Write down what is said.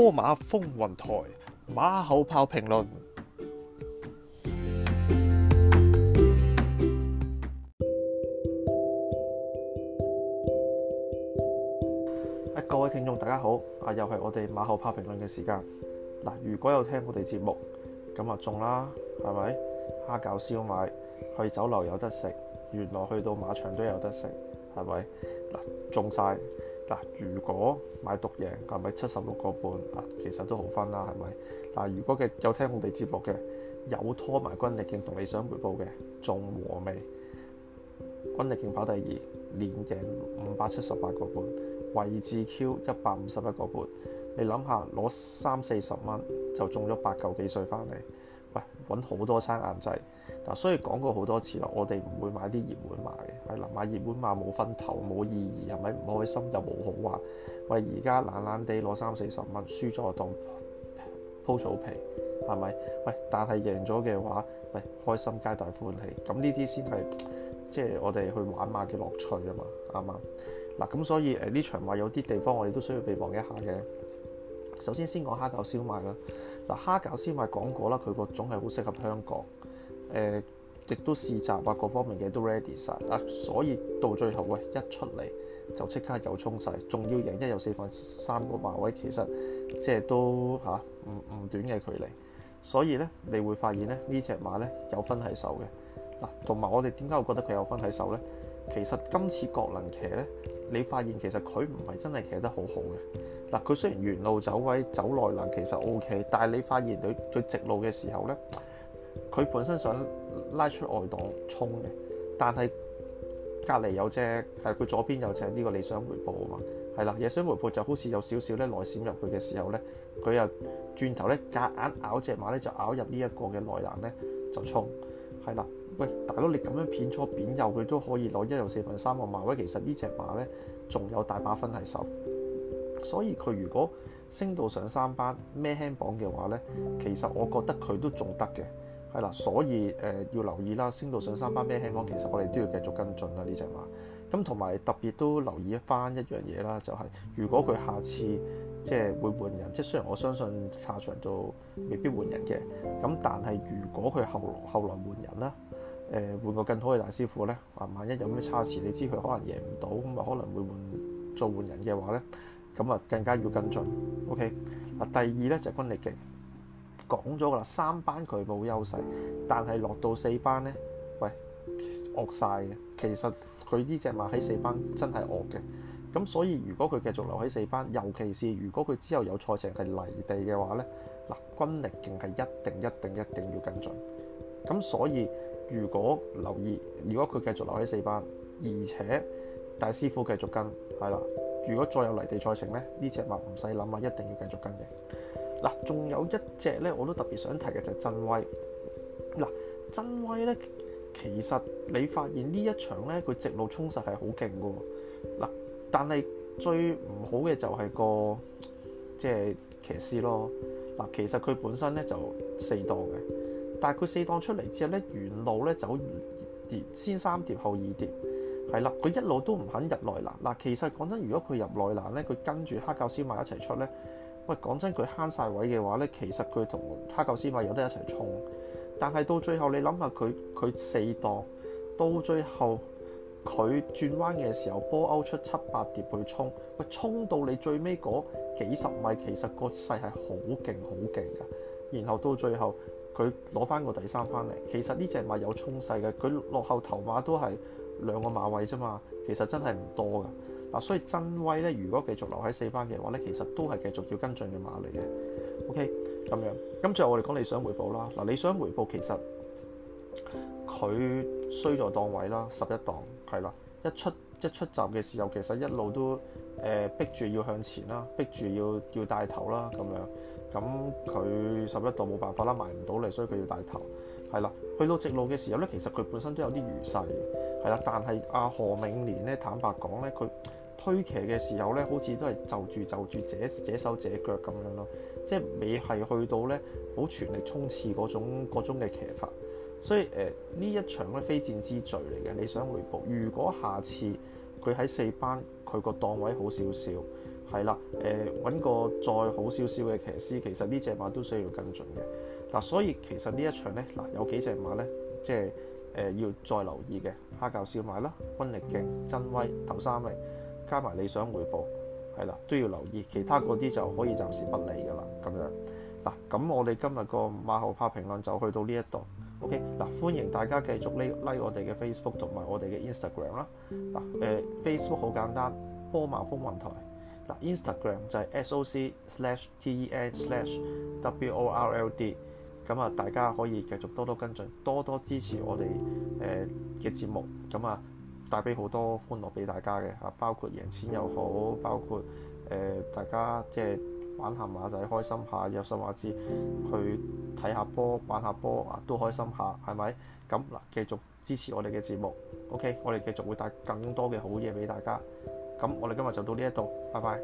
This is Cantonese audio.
波馬風雲台，馬後炮評論。各位聽眾大家好，啊又係我哋馬後炮評論嘅時間。嗱，如果有聽我哋節目，咁啊中啦，係咪？蝦餃燒賣，去酒樓有得食，原來去到馬場都有得食，係咪？中晒。如果買獨贏係咪七十六個半？嗱，其實都好分啦，係咪？嗱，如果嘅有聽我哋節目嘅，有拖埋軍力勁同理想回報嘅，仲和味。軍力勁跑第二，連贏五百七十八個半，位置 Q 一百五十一個半。你諗下，攞三四十蚊就中咗八嚿幾水翻嚟。喂，揾好多餐硬制，嗱、啊，所以講過好多次啦，我哋唔會買啲熱門馬嘅，係啦，買熱門馬冇分頭，冇意義，係咪唔開心就冇好話？喂，而家懶懶地攞三四十蚊輸咗就當鋪草皮，係咪？喂，但係贏咗嘅話，喂，開心皆大歡喜，咁呢啲先係即係我哋去玩馬嘅樂趣啊嘛，啱唔啱？嗱、啊，咁所以誒呢、啊、場話有啲地方我哋都需要備忘一下嘅。首先先講蝦餃燒賣啦，嗱，蝦餃燒賣講過啦，佢個種係好適合香港，誒、呃、亦都試集啊各方面嘅都 ready 晒。啊、呃、所以到最後喂，一出嚟就即刻有衝勢，仲要贏一又四分三個馬位，其實即係都嚇唔唔短嘅距離，所以咧你會發現咧呢隻馬咧有分係手嘅。同埋我哋點解會覺得佢有分喺手呢？其實今次國能騎呢，你發現其實佢唔係真係騎得好好嘅。嗱，佢雖然沿路走位走內欄其實 OK，但係你發現佢喺直路嘅時候呢，佢本身想拉出外檔衝嘅，但係隔離有隻係佢左邊有隻呢、這個理想回報啊嘛，係啦，理想回報就好似有少少咧內閃入去嘅時候呢，佢又轉頭呢，夾硬，硬咬隻馬呢，就咬入呢一個嘅內欄呢，就衝係啦。喂，大佬，你咁樣騙錯騙右，佢都可以攞一又四分三個馬位。其實呢隻馬呢，仲有大把分係手，所以佢如果升到上三班咩輕磅嘅話呢，其實我覺得佢都仲得嘅係啦。所以誒、呃，要留意啦，升到上三班咩輕磅，其實我哋都要繼續跟進啦呢隻馬。咁同埋特別都留意翻一樣嘢啦，就係、是、如果佢下次即係會換人，即係雖然我相信下場就未必換人嘅，咁但係如果佢後來後來換人啦。誒、呃、換個更好嘅大師傅咧，啊萬一有咩差池，你知佢可能贏唔到咁啊，可能會換做換人嘅話咧，咁啊更加要跟進。O K 嗱，第二咧就係、軍力勁講咗啦，三班佢冇優勢，但係落到四班咧，喂，惡晒嘅。其實佢呢隻馬喺四班真係惡嘅，咁所以如果佢繼續留喺四班，尤其是如果佢之後有賽程係泥地嘅話咧，嗱軍力勁係一定一定一定要跟進。咁所以。如果留意，如果佢繼續留喺四班，而且大師傅繼續跟，係啦。如果再有泥地賽程咧，呢隻馬唔使諗啦，一定要繼續跟嘅。嗱、啊，仲有一隻咧，我都特別想提嘅就係、是、真威。嗱、啊，真威咧，其實你發現呢一場咧，佢直路衝實係好勁㗎喎。嗱、啊，但係最唔好嘅就係個即係騎師咯。嗱、啊，其實佢本身咧就四檔嘅。但係佢四檔出嚟之後咧，沿路咧走碟先三碟後二碟係啦。佢一路都唔肯入內欄嗱。其實講真，如果佢入內欄咧，佢跟住黑狗斯馬一齊出咧喂。講真，佢慳晒位嘅話咧，其實佢同黑狗斯馬有得一齊衝。但係到最後你諗下佢，佢四檔到最後佢轉彎嘅時候波歐出七八碟去衝，喂，衝到你最尾嗰幾十米，其實個勢係好勁好勁㗎。然後到最後。佢攞翻個第三翻嚟，其實呢隻馬有沖勢嘅，佢落後頭馬都係兩個馬位啫嘛，其實真係唔多噶。嗱，所以真威咧，如果繼續留喺四班嘅話咧，其實都係繼續要跟進嘅馬嚟嘅。OK，咁樣。咁最後我哋講理想回報啦。嗱，理想回報其實佢衰咗檔位啦，十一檔係啦。一出一出閘嘅時候，其實一路都誒逼住要向前啦，逼住要要帶頭啦，咁樣。咁佢十一度冇辦法啦，埋唔到嚟，所以佢要帶頭，係啦。去到直路嘅時候呢，其實佢本身都有啲餘勢，係啦。但係阿、啊、何鈺年呢，坦白講呢，佢推騎嘅時候呢，好似都係就住就住，就姐姐這這手這腳咁樣咯，即係未係去到呢好全力衝刺嗰種嗰種嘅騎法。所以誒，呢、呃、一場呢，非戰之罪嚟嘅，你想回報？如果下次佢喺四班，佢個檔位好少少。係啦，誒揾、呃、個再好少少嘅騎師，其實呢隻馬都需要跟進嘅嗱、啊。所以其實呢一場咧，嗱有幾隻馬咧，即係誒、呃、要再留意嘅，蝦餃燒賣啦、溫力勁、真威、頭三力加埋理想回報，係啦都要留意。其他嗰啲就可以暫時不理㗎啦。咁樣嗱，咁、啊、我哋今日個馬後炮評論就去到呢一度。OK 嗱、啊，歡迎大家繼續 l、like、i 我哋嘅、啊啊呃、Facebook 同埋我哋嘅 Instagram 啦嗱。誒 Facebook 好簡單，波馬風雲台。Instagram 就係 s o c slash t e n slash w o r l d，咁啊，ld, 大家可以繼續多多跟進，多多支持我哋誒嘅節目，咁啊，帶俾好多歡樂俾大家嘅吓，包括贏錢又好，包括誒大家即係玩下馬仔，開心下有心話志去睇下波，玩下波啊，都開心下，係咪？咁嗱，繼續支持我哋嘅節目，OK，我哋繼續會帶更多嘅好嘢俾大家。咁我哋今日就到呢一度，拜拜。